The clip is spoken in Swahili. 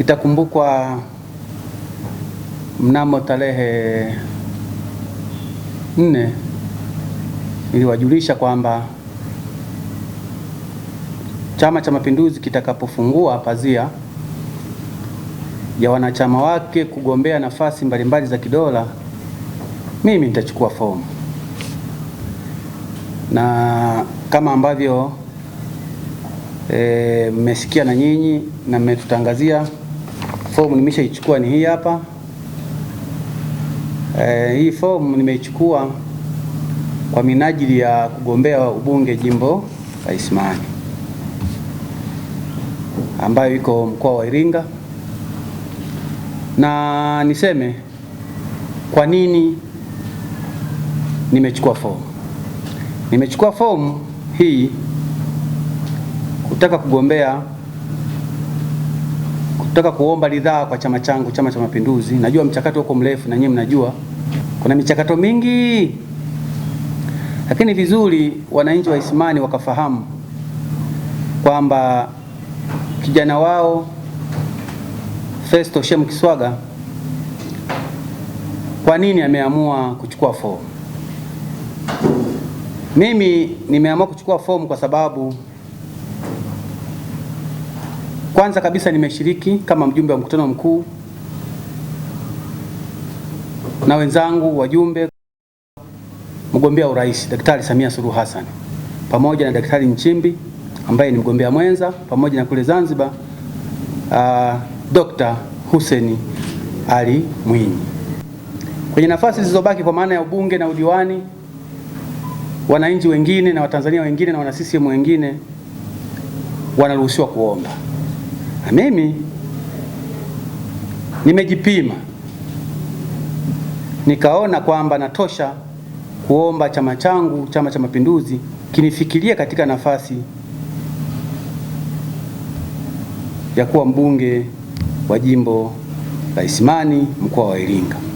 Itakumbukwa mnamo tarehe nne niliwajulisha kwamba Chama cha Mapinduzi kitakapofungua pazia ya wanachama wake kugombea nafasi mbalimbali za kidola, mimi nitachukua fomu na kama ambavyo eh, mmesikia e, na nyinyi na mmetutangazia Fomu nimeshaichukua ni hii hapa. E, hii fomu nimeichukua kwa minajili ya kugombea ubunge jimbo la Isimani ambayo iko mkoa wa Iringa, na niseme kwa nini nimechukua fomu. Nimechukua fomu hii kutaka kugombea Nataka kuomba ridhaa kwa chama changu, Chama cha Mapinduzi. Najua mchakato uko mrefu na nyinyi mnajua kuna michakato mingi, lakini vizuri wananchi wa Isimani wakafahamu kwamba kijana wao Festo Shem Kiswaga kwa nini ameamua kuchukua fomu. Mimi nimeamua kuchukua fomu kwa sababu kwanza kabisa nimeshiriki kama mjumbe wa mkutano mkuu na wenzangu wajumbe mgombea urais Daktari Samia Suluhu Hassan pamoja na Daktari Nchimbi ambaye ni mgombea mwenza pamoja na kule Zanzibar uh, ah, Dr. Hussein Ali Mwinyi. Kwenye nafasi zilizobaki kwa maana ya ubunge na udiwani, wananchi wengine na Watanzania wengine na wana CCM wengine wanaruhusiwa kuomba. Na mimi nimejipima nikaona kwamba natosha kuomba chama changu Chama cha Mapinduzi kinifikiria katika nafasi ya kuwa mbunge wa jimbo la Isimani mkoa wa Iringa.